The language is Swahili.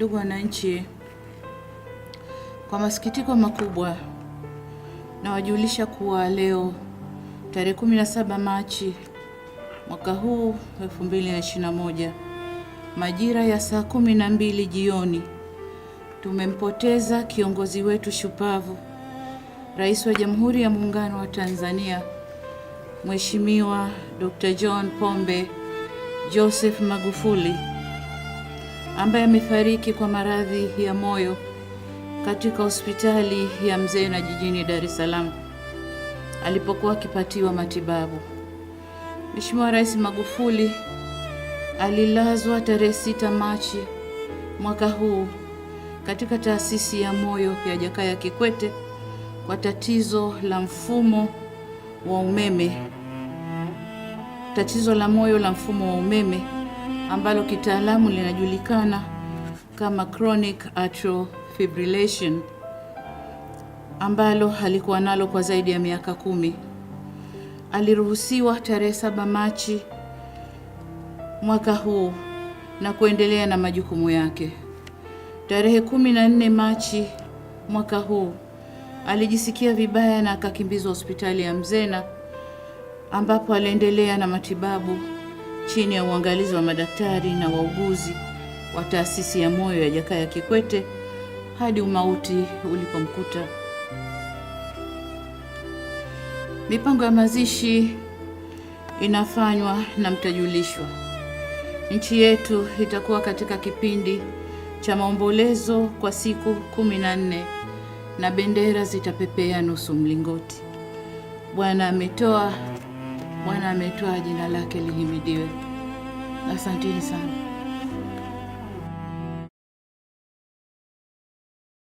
Ndugu wananchi, kwa masikitiko makubwa nawajulisha kuwa leo tarehe 17 Machi mwaka huu 2021 majira ya saa kumi na mbili jioni tumempoteza kiongozi wetu shupavu, Rais wa Jamhuri ya Muungano wa Tanzania Mheshimiwa Dr. John Pombe Joseph Magufuli ambaye amefariki kwa maradhi ya moyo katika hospitali ya Mzena jijini Dar es Salaam alipokuwa akipatiwa matibabu. Mheshimiwa Rais Magufuli alilazwa tarehe sita Machi mwaka huu katika taasisi ya moyo ya Jakaya Kikwete kwa tatizo la mfumo wa umeme, tatizo la moyo la mfumo wa umeme ambalo kitaalamu linajulikana kama chronic atrial fibrillation ambalo alikuwa nalo kwa zaidi ya miaka kumi. Aliruhusiwa tarehe saba Machi mwaka huu na kuendelea na majukumu yake. Tarehe nne Machi mwaka huu alijisikia vibaya na akakimbizwa hospitali ya Mzena ambapo aliendelea na matibabu chini ya uangalizi wa madaktari na wauguzi wa taasisi ya moyo ya Jakaya Kikwete hadi umauti ulipomkuta. Mipango ya mazishi inafanywa na mtajulishwa. Nchi yetu itakuwa katika kipindi cha maombolezo kwa siku kumi na nne na bendera zitapepea nusu mlingoti. Bwana ametoa Bwana ametoa, jina lake lihimidiwe. Asanteni sana.